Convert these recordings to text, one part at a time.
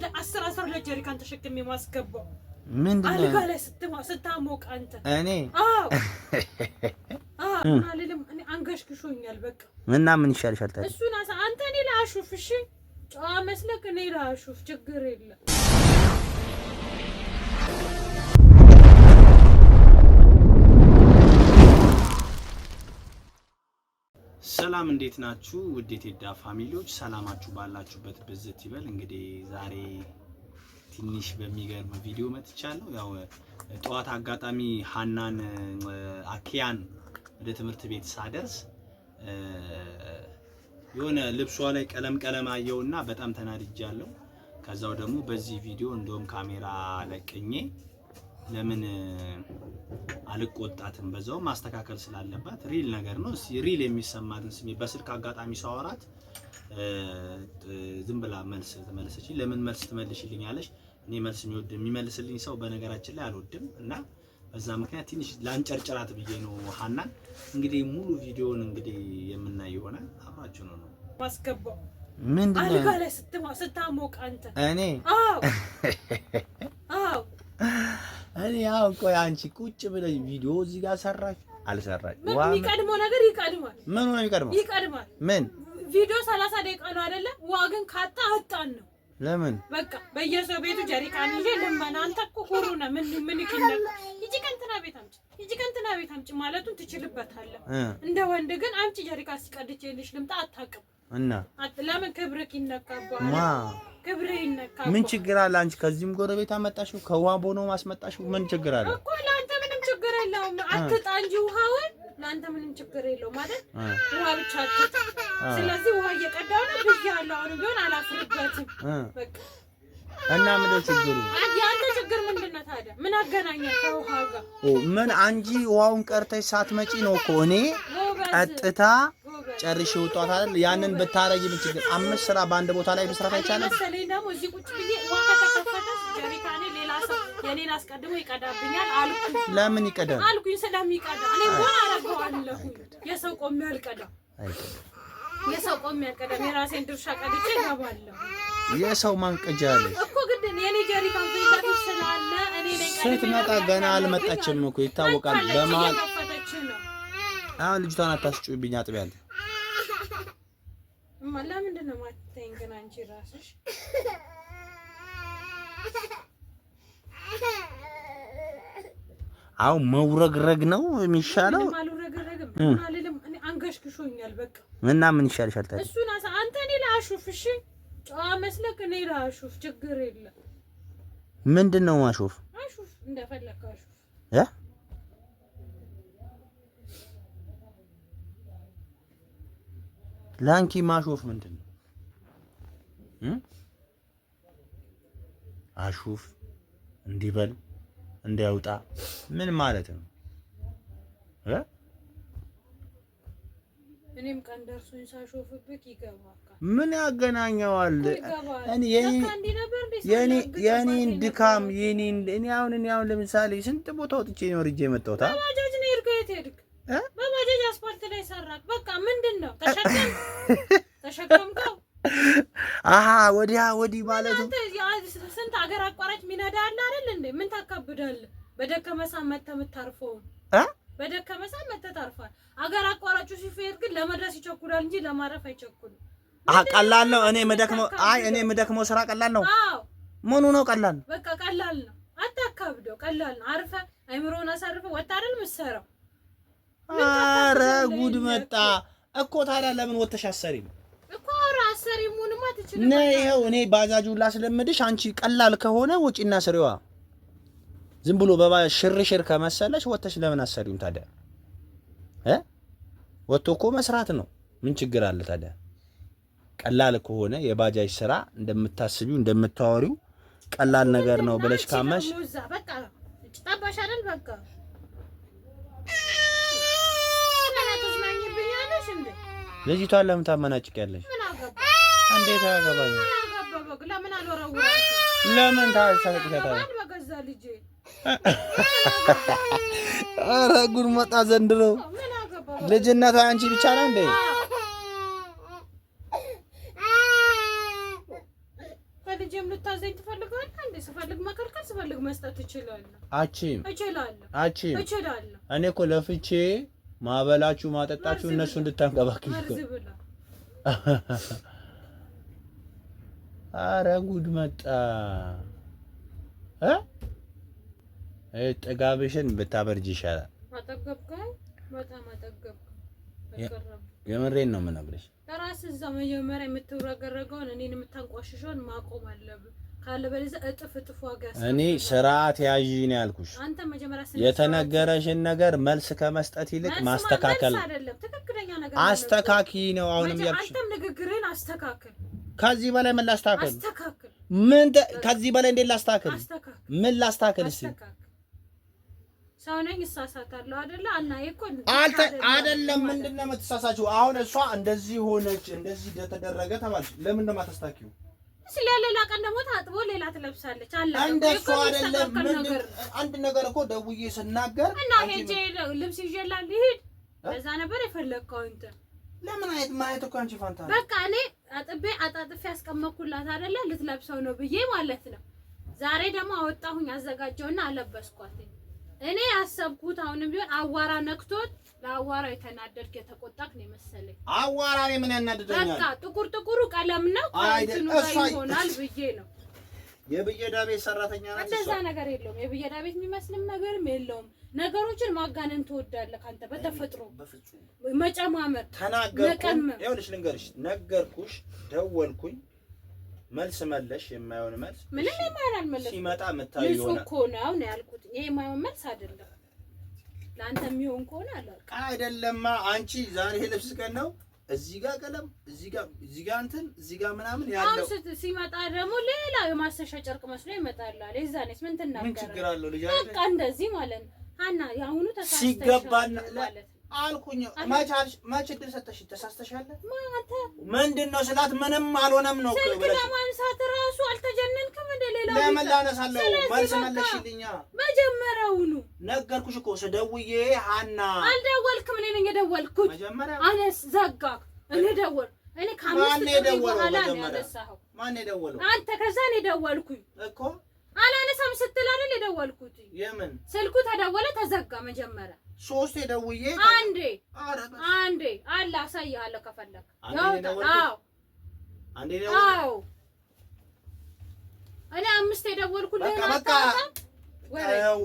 ወደ አስር አስር ሁለት ጀሪካን ተሸክሜ ማስገባው ምንድን ነው አልጋ ላይ ስታሞቅ አንተ እኔ አልልም። እኔ አንገሽግሾኛል። በቃ እና ምን ይሻልሻል ታዲያ? እሱን አንተ እኔ ላሹፍ። እሺ ጨዋ መስለክ እኔ ላሹፍ፣ ችግር የለም ሰላም እንዴት ናችሁ? ውድ የቴዳ ፋሚሊዎች ሰላማችሁ ባላችሁበት ብዝት ይበል። እንግዲህ ዛሬ ትንሽ በሚገርም ቪዲዮ መጥቻለሁ። ያው ጠዋት አጋጣሚ ሀናን አኪያን ወደ ትምህርት ቤት ሳደርስ የሆነ ልብሷ ላይ ቀለም ቀለም አየውና በጣም ተናድጃለሁ። ከዛው ደግሞ በዚህ ቪዲዮ እንደውም ካሜራ ለቅኜ ለምን አልቆጣትም? በዛው ማስተካከል ስላለባት ሪል ነገር ነው። ሪል የሚሰማትን ስሜ በስልክ አጋጣሚ ሳወራት ዝም ብላ መልስ ትመልሰች። ለምን መልስ ትመልሽልኝ አለሽ? እኔ መልስ የሚወድ የሚመልስልኝ ሰው በነገራችን ላይ አልወድም እና በዛ ምክንያት ትንሽ ላንጨርጭራት ብዬ ነው። ሀናን እንግዲህ ሙሉ ቪዲዮን እንግዲህ የምናይ ይሆናል። አብራችሁ ነው ነው ማስገባው ምንድን ነው አልጋ ላይ ስትሞቅ አንተ እኔ አዎ እኔ አሁን ቆይ አንቺ ቁጭ ብለሽ ቪዲዮ እዚህ ጋር ሰራሽ አልሰራሽ፣ የሚቀድመው ነገር ይቀድማል። ምን ነው የሚቀድመው? ይቀድማል። ምን ቪዲዮ 30 ደቂቃ ነው አይደለ? ዋ ግን ካጣ አጣን ነው። ለምን በቃ በየሰው ቤቱ ጀሪካን ይዤ ልመና። አንተ እኮ ሁሉ ነው ምን ምን ይከነል ይጂ ከንትና ቤት አምጪ፣ ይጂ ከንትና ቤት አምጪ ማለቱን ትችልበታለህ። እንደ ወንድ ግን አምጪ ጀሪካን ሲቀድች የልሽ ልምጣ አታውቅም እና ለምን ክብርህ ይነካባል? ክብርህ ይነካባል። ምን ችግር አለ? አንቺ ከዚህም ጎረቤት አመጣሽው ከዋቦ ነው ማስመጣሽው ምን ችግር አለ እኮ። ለአንተ ምንም ችግር የለውም። አትጣ እንጂ ውሃውን ለአንተ ምንም ችግር የለውም ማለት ውሃ ብቻ አትጣ። ስለዚህ ውሃ እየቀዳሁ ነው ብያለሁ። አሁን ቢሆን አላፍርበትም። እና ምን ችግሩ ያንተ ችግር ምንድን ነው ታዲያ? ምን አገናኘ ከውሃ ጋር? ምን አንጂ ውሃውን ቀርተሽ ሳትመጪ ነው እኮ እኔ ቀጥታ ጨርሽ ውጧት አይደል? ያንን ብታረጊ ምን ችግር? አምስት ስራ በአንድ ቦታ ላይ መስራት አይቻልም። ለምን ይቀዳል? የሰው ማንቀጃ አለ እኮ ግን የኔ ጀሪካን እኔ ስትመጣ ገና አልመጣችም እኮ ይታወቃል። በመሀል አሁን ልጅቷን አታስጩብኝ አጥቢያለሁ እማ ለምንድን ነው የማትተኝ ግን አንቺ ራስሽ? አው መውረግረግ ነው የሚሻለው። አልውረግረግም አንገሽግሾኛል። በቃ እና ምን ይሻልሻል ታዲያ? እሱን አንተ እኔ ላሹፍ። እሺ ጨዋ መስለክ እኔ ላሹፍ፣ ችግር የለም። ምንድን ነው ማሹፍ? አሹፍ፣ እንደፈለክ አሹፍ። ላንኪ ማሾፍ ምንድን ነው? አሹፍ እንዲበል እንዲያውጣ ምን ማለት ነው? ምን ያገናኘዋል? የኔን ድካም የኔን እኔ አሁን እኔ አሁን ለምሳሌ ስንት ቦታ ወጥቼ ነው ርጄ የመጣሁት? በባጃጅ አስፋልት ላይ ሰራክ። በቃ ምንድን ነው ተሸከምከው። ወዲያ ወዲህ ማለት ነው። ስንት ሀገር አቋራጭ ሚነዳ አለ አይደል እንዴ? ምን ታካብዳለህ? በደከመ ሰዓት መተህ የምታርፈው በደከመ ሰዓት መተህ ታርፋለህ። ሀገር አቋራጩ ሲፈሄድ ግን ለመድረስ ይቸኩላል እንጂ ለማረፍ አይቸኩልም። ቀላል ነው። እኔ የምደክመው አይ እኔ የምደክመው ስራ ቀላል ነው። ምኑ ነው ቀላል በቃ ቀላል ነው። አታካብደው። ቀላል ነው። አርፈህ አይምሮህን አሳርፈህ ወጣ አይደል የምትሰራው አረ ጉድ መጣ እኮ። ታዲያ ለምን ወተሽ አሰሪ? እኮ አረ አሰሪሙንማ ትችል ነው። ይኸው እኔ ባጃጁ ላስለምድሽ። አንቺ ቀላል ከሆነ ውጪና ስሪዋ ዝም ብሎ በባ ሽርሽር ከመሰለሽ ወተሽ ለምን አሰሪም ታዲያ እ ወጥቶ እኮ መስራት ነው። ምን ችግር አለ ታዲያ? ቀላል ከሆነ የባጃጅ ስራ እንደምታስቢው እንደምታወሪው ቀላል ነገር ነው ብለሽ ካመሽ በቃ ልጅቷን ለምን ታመናጭቂያለሽ? እንዴት አያገባኝ። ለምን ታሳቅሻታለሽ? ኧረ ጉድ መጣ ዘንድሮ። ልጅነቷ አንቺ ብቻ ነው እንዴ? ልጄም ልታዘኝ ትፈልጋለህ ስፈልግ መከልከል፣ ስፈልግ መስጠት እችላለሁ። እኔ እኮ ለፍቼ ማበላችሁ ማጠጣችሁ እነሱ እንድታንቀባክል አረ ጉድ መጣ እ ጥጋብሽን ብታበርጅ ይሻላል። የምሬን ነው የምነግርሽ። ራስ እዛ መጀመሪያ የምትውረገረገውን እኔን የምታንቋሽሸውን ማቆም አለብን። እኔ ስርዓት ያዥ ነው ያልኩሽ። የተነገረሽን ነገር መልስ ከመስጠት ይልቅ ማስተካከል አስተካኪ ነው። አሁንም ያልኩሽ ከዚህ በላይ ምን ላስተካከል? ምን ከዚህ በላይ እንዴት ላስተካከል? ምን ላስተካከል? እስኪ ሰው ነኝ አይደለ? እና እኮ አይደለም ምንድን ነው የምትሳሳችው? አሁን እሷ እንደዚህ ሆነች፣ እንደዚህ ተደረገ ተባልሽ፣ ለምን ነው የማታስተካክዪው? ስለሌላ ሌላ ቀን ደግሞ ታጥቦ ሌላ ትለብሳለች። አላ እንደሱ አይደለም። አንድ ነገር እኮ ደውዬ ስናገር እና ሄጄ ልብስ ይዤላል ይሄድ በዛ ነበር የፈለግከው እንት ለምን አይት ማየት እኮ አንቺ ፋንታ በቃ እኔ አጥቤ አጣጥፌ ያስቀመኩላት አይደለ ልትለብሰው ነው ብዬ ማለት ነው። ዛሬ ደግሞ አወጣሁኝ አዘጋጀውና አለበስኳት። እኔ ያሰብኩት አሁንም ቢሆን አዋራ ነክቶት ለአዋራው የተናደድክ የተቆጣክ ነው የመሰለኝ። አዋራ እኔ ምን ያናደደኛል? በቃ ጥቁር ጥቁሩ ቀለም ነው እንትኑ ላይ ይሆናል ብዬ ነው። የብየዳ ቤት ሰራተኛ ናት። እንደዛ ነገር የለውም። የብየዳ ቤት የሚመስልም ነገርም የለውም። ነገሮችን ማጋነን ትወዳለህ አንተ በተፈጥሮ መጨማመር፣ ተናገርኩ። ይኸውልሽ፣ ልንገርሽ፣ ነገርኩሽ፣ ደወልኩኝ መልስ መለሽ የማይሆን መልስ ምንም የማይሆን አልመለስኩም። ሲመጣ የምታየው ይሆናል እኮ ነው ነው ያልኩት። ይሄ የማይሆን መልስ አይደለም። ለአንተ የሚሆን ከሆነ አለ አይደለማ። አንቺ ዛሬ ልብስ ቀን ነው። እዚህ ጋር ቀለም፣ እዚህ ጋር እዚህ ጋር እንትን፣ እዚህ ጋር ምናምን ያለው አሁን ሲመጣ ደግሞ ሌላ የማሰሻ ጨርቅ መስሎ ይመጣል አለ። የዛኔስ ምን ትናገራለህ? ምን ችግር አለው? ልጅ አይደል በቃ እንደዚህ ማለት ነው። ሀና የአሁኑ ተሳስተሽ ሲገባና ማለት ነው አልኩኝ። መች እድል ሰጠሽ? ተሳስተሻል። ምንድን ነው ስላት ምንም አልሆነም ነው። ስልክ ለማንሳት ራሱ አልተጀነንክም? እንደሌላ ለምን ላነሳለሁ? መልስ መለሽልኛ። መጀመሪያውኑ ነገርኩሽ እኮ ስደውዬ ሀና አልደወልክም። እኔ ነኝ የደወልኩት። መጀመሪያ አነስ ዘጋክ። እኔ ደወል እኔ ከአምስት በኋላ ነው ማን የደወለው አንተ? ከዛ እኔ ደወልኩኝ እኮ አላነሳም ስትል አይደል የደወልኩት። የምን ስልኩ ተደወለ ተዘጋ መጀመሪያ ሶስቴ ደውዬ አንዴ አንዴ አለ አሳይሃለሁ ከፈለክ ያው አንዴ ነው እኔ አምስት የደወልኩልህ በቃ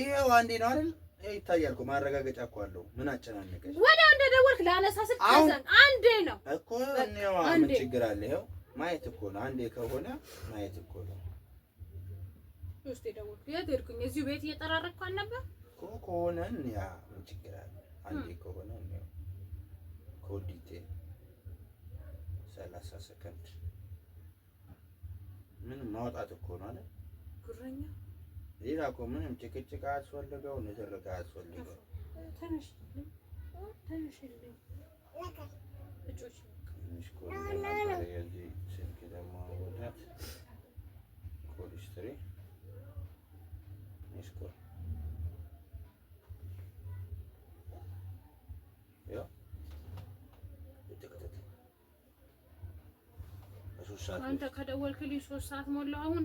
ይኸው አንዴ ነው አይደል ይታያል እኮ ማረጋገጫ እኮ አለው ምን አጨናነቀሽ ወዲያው እንደደወልክ ላነሳ ስትዘን አንዴ ነው እኮ እኔው ምን ችግር አለ ይኸው ማየት እኮ ነው አንዴ ከሆነ ማየት እኮ ነው ሶስቴ ደወልኩ የት ሄድኩኝ እዚሁ ቤት እየጠራረኩ አልነበር እኮ ከሆነን ያ ምን ችግር አለ? አንዴ ከሆነ ነው። ኮዲቴ 30 ሰከንድ ምንም ማውጣት እኮ ነው አይደል? ጉረኛ ሌላ እኮ ምንም ጭቅጭቅ አያስፈልገው፣ ንትርክ አያስፈልገው። ትንሽ ትንሽ ስልክ ደግሞ ወዳት ሰዓት አንተ ከደወልክልኝ ሶስት ሰዓት ሞላው። አሁን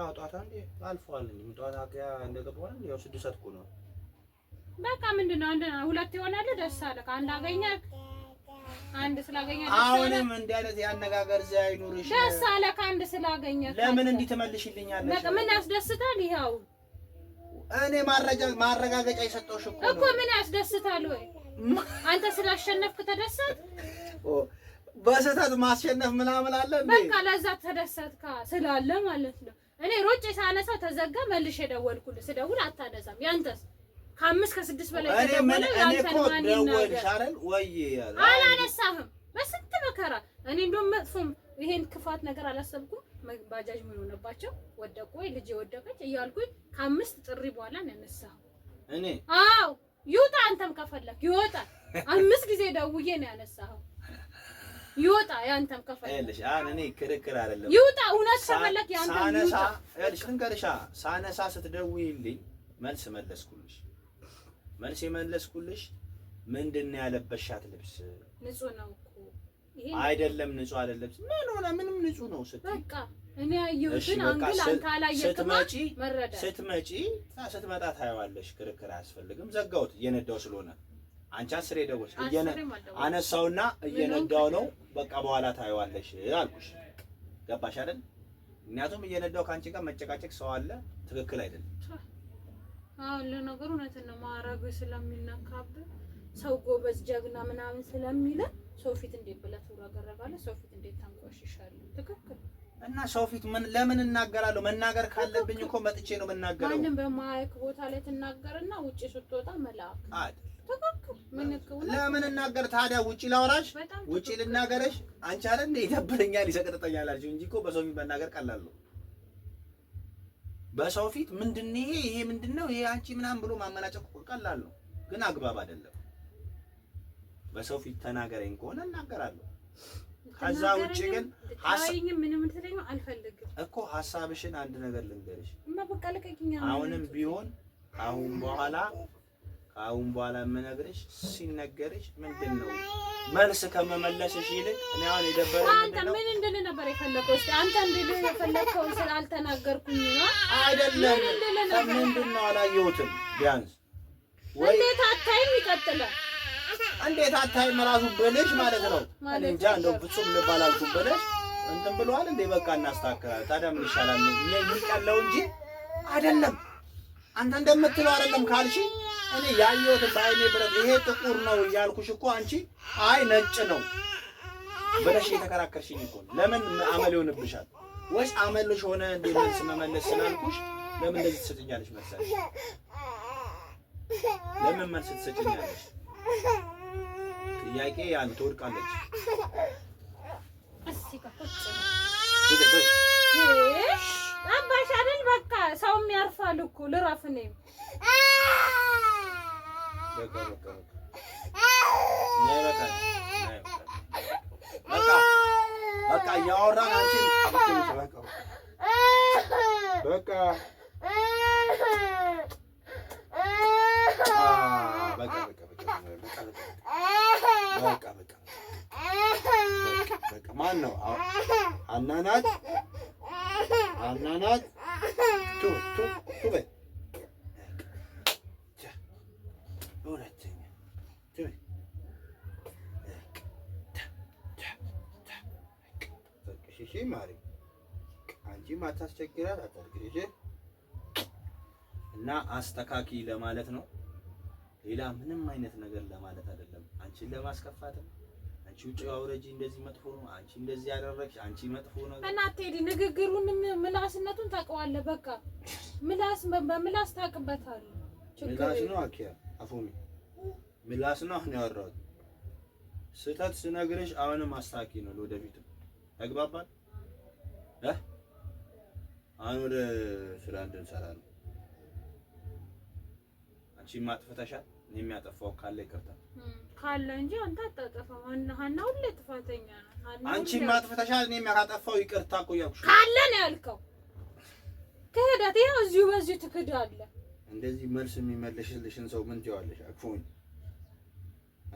አዎ፣ ጠዋት አንዴ አልፏል። እንዴ ጠዋት አገያ እንደገባሁ ያው ስድስት ሰዓት እኮ ነው። በቃ ምንድን አንድ ሁለት ይሆናል። ደስ አለህ አንድ አገኘህ አንድ ስላገኘህ አሁንም እንዲህ አይነት ያነጋገር እዚህ አይኑርሽ። ደስ አለህ አንድ ስላገኘህ። ለምን እንዲህ ትመልሽልኛለሽ? በቃ ምን ያስደስታል? ይኸው እኔ ማረጋገጫ የሰጠሁሽ እኮ እኮ ምን ያስደስታል? ወይ አንተ ስላሸነፍክ ተደሰት በስህተት ማስሸነፍ ምናምን አለ እንዴ? በቃ ለዛ ተደሰትካ ስላለ ማለት ነው። እኔ ሮጬ ሳነሳ ተዘጋ። መልሼ ደወልኩልህ፣ ስደውል አታነሳም። ያንተስ ከአምስት ከስድስት በላይ ተደወለ። ያንተን ማን ይናገር? አላነሳህም። በስንት መከራ እኔ እንደውም መጥፎም ይሄን ክፋት ነገር አላሰብኩም። ባጃጅ ምን ሆነባቸው ወደቁ ወይ ልጅ ወደቀች እያልኩኝ ከአምስት ጥሪ በኋላ ነው ያነሳኸው። እኔ አዎ ይውጣ፣ አንተም ከፈለክ ይወጣ። አምስት ጊዜ ደውዬ ነው ያነሳኸው። ይውጣ። ያንተም ከፈለግሽ አሁን እኔ ክርክር አይደለም ይውጣ። እውነት ከፈለግ ያንተም ይውጣ። ልሽ ልንገርሻ፣ ሳነሳ ስትደውይልኝ መልስ መለስኩልሽ። መልስ የመለስኩልሽ ምንድን ነው ያለበሻት ልብስ ንጹህ ነው እኮ አይደለም። ንጹህ አይደለም ምን ሆነ? ምንም ንጹህ ነው ስትይ በቃ እኔ ያየሁትን አንግል አንተ አላየክማ። ስትመጪ ስትመጣ ታየዋለሽ። ክርክር አያስፈልግም። ዘጋሁት እየነዳው ስለሆነ አንቺ አስሬ ደወልሽ አነሳውና እየነዳው ነው በቃ በኋላ ታየዋለሽ አልኩሽ። ገባሽ አይደል? ምክንያቱም እየነዳው ከአንቺ ጋር መጨቃጨቅ ሰው አለ። ትክክል አይደለም። አሁን ለነገሩ እውነትን ነው ማረግ ስለሚነካብህ ሰው ጎበዝ ጀግና ምናምን ስለሚለ ሰው ፊት እንዴት ብለህ ትውረገረጋለህ? ሰው ፊት እንዴት ታንቋሽሻለህ? ትክክል እና ሰው ፊት ምን ለምን እናገራለሁ? መናገር ካለብኝ እኮ መጥቼ ነው የምናገረው። ማንም በማያውቅ ቦታ ላይ ትናገርና ውጪ ስትወጣ መልአክ ለምን እናገር ታዲያ? ውጪ ላውራሽ፣ ውጪ ልናገረሽ። አንቺ አለ እንደ ይደብረኛል፣ ይሰቀጥጠኛል እንጂ እኮ በሰው ፊት መናገር ቀላል ነው። በሰው ፊት ምንድን ይሄ ይሄ ምንድን ነው ይሄ አንቺ ምናምን ብሎ ማመናጨቅ ቀላል ነው፣ ግን አግባብ አይደለም። በሰው ፊት ተናገረኝ ከሆነ እናገራለሁ። ከዛ ውጪ ግን እኮ ሀሳብሽን አንድ ነገር ልንገርሽ፣ አሁንም ቢሆን አሁን በኋላ አሁን በኋላ የምነግርሽ ሲነገርሽ ምንድን ነው መልስ ከመመለስሽ ይልቅ እኔ አሁን የደበረ አንተ ምን እንድል ነበር የፈለከው? እስቲ አንተ እንድል የፈለከው ስላልተናገርኩኝ ነው አይደለም? ምንድን ነው አላየሁትም። ቢያንስ እንዴት አታይም? ይቀጥላል። እንዴት አታይም? ራሱ ብልሽ ማለት ነው። እንጃ እንደው ፍጹም ልብ አላልኩም ብልሽ እንትን ብለዋል እንዴ? በቃ እናስተካክላለን። ታዲያ ምን ይሻላል ነው ይቀለው እንጂ አይደለም። አንተ እንደምትለው አይደለም ካልሽ እኔ ያየሁት በዓይኔ ብረት ይሄ ጥቁር ነው እያልኩሽ እኮ አንቺ አይ ነጭ ነው ብለሽ የተከራከርሽኝ እኮ ለምን አመል ይሆንብሻል? ወይስ አመልሽ ሆነ እንደ መልስ መመለስ ስላልኩሽ ለምን እንደዚህ ትሰጭኛለሽ? መሰለሽ ለምን መልስ ትሰጭኛለሽ? ጥያቄ ያን ትወድቃለች። አባሽ አይደል በቃ ሰውም ያርፋል እኮ ልረፍ እኔም በቃ እያወራን በቃ ማን ነው? አናናት አናናት አንቺም አታስቸግራት አታርግሽ እና አስተካኪ ለማለት ነው። ሌላ ምንም አይነት ነገር ለማለት አይደለም። አንቺን ለማስከፋትም አንቺ ውጭ አውረጂ እንደዚህ መጥፎ ነው፣ አንቺ እንደዚህ ያደረግሽ አንቺ መጥፎ ነው እና አትሄዲ ንግግሩን ምላስነቱን ታውቀዋለህ። በቃ ምላስ በምላስ ታውቅበታለህ። ምላስ ነው አኪያ አፎሚ ምላስ ነው አሁን ያወራሁት ስህተት ስነግርሽ አሁንም አስተካኪ ነው ለወደፊቱ ተግባባል። አሁን ወደ ስራ እንድንሰራ ነው። አንቺም አጥፍተሻል፣ ካለ ካለ እንጂ አንተ አታጠፋም። ሀና ሁሌ ጥፋተኛ ነው። ይቅርታ እኮ እያልኩሽ ካለ ነው ያልከው። ክህደት ይኸው እዚሁ በዚሁ እንደዚህ መልስ ሰው ምን ትይዋለሽ? አክፎኝ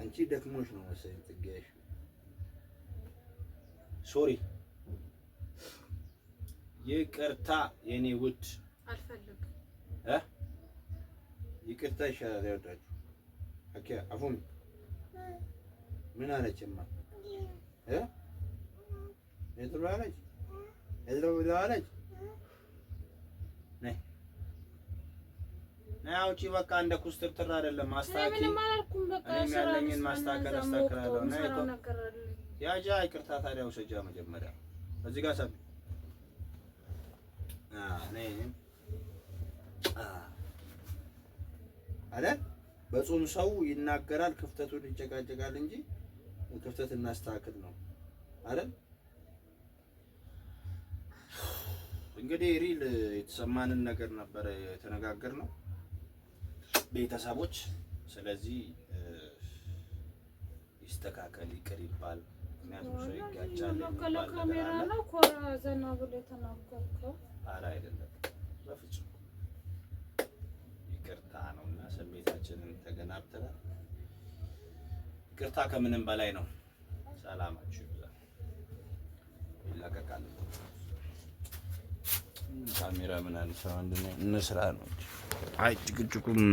አንቺ ደክሞሽ ነው መሰለኝ ጥጌሽ ሶሪ ይቅርታ የኔ ውድ አልፈልግም እ ይቅርታ ይሻላል። ያወዳችሁ ኦኬ። አፉን ምን አለችማ? እ የጥሩ አለች የጥሩ ብላ አለች። ነይ ነይ አውጪ። በቃ እንደ ኩስትርትር አይደለም። ማስተካከል ያለኝን ማስተካከል አስተካክላለሁ። ነይ ያጃ ይቅርታ ታዲያ ውሰጃ መጀመሪያ እዚህ ጋር ሰሚ አለ። በጾም ሰው ይናገራል፣ ክፍተቱን ይጨቃጨቃል እንጂ ክፍተት እናስተካክል ነው አይደል? እንግዲህ ሪል የተሰማንን ነገር ነበረ የተነጋገርነው ቤተሰቦች። ስለዚህ ይስተካከል፣ ይቅር ይባል። ምክንያቱም ሰው ይጋጫል። ካሜራ ነው ኮራ ዘና ብሎ የተናገርከው ኧረ አይደለም በፍጹም ይቅርታ ነው እና ስሜታችንን ተገናብተናል። ይቅርታ ከምንም በላይ ነው። ሰላማችሁ ይብዛል። ይለቀቃል። ካሜራ ምን አንሰራ ነው። አይ ጭቅጭቁም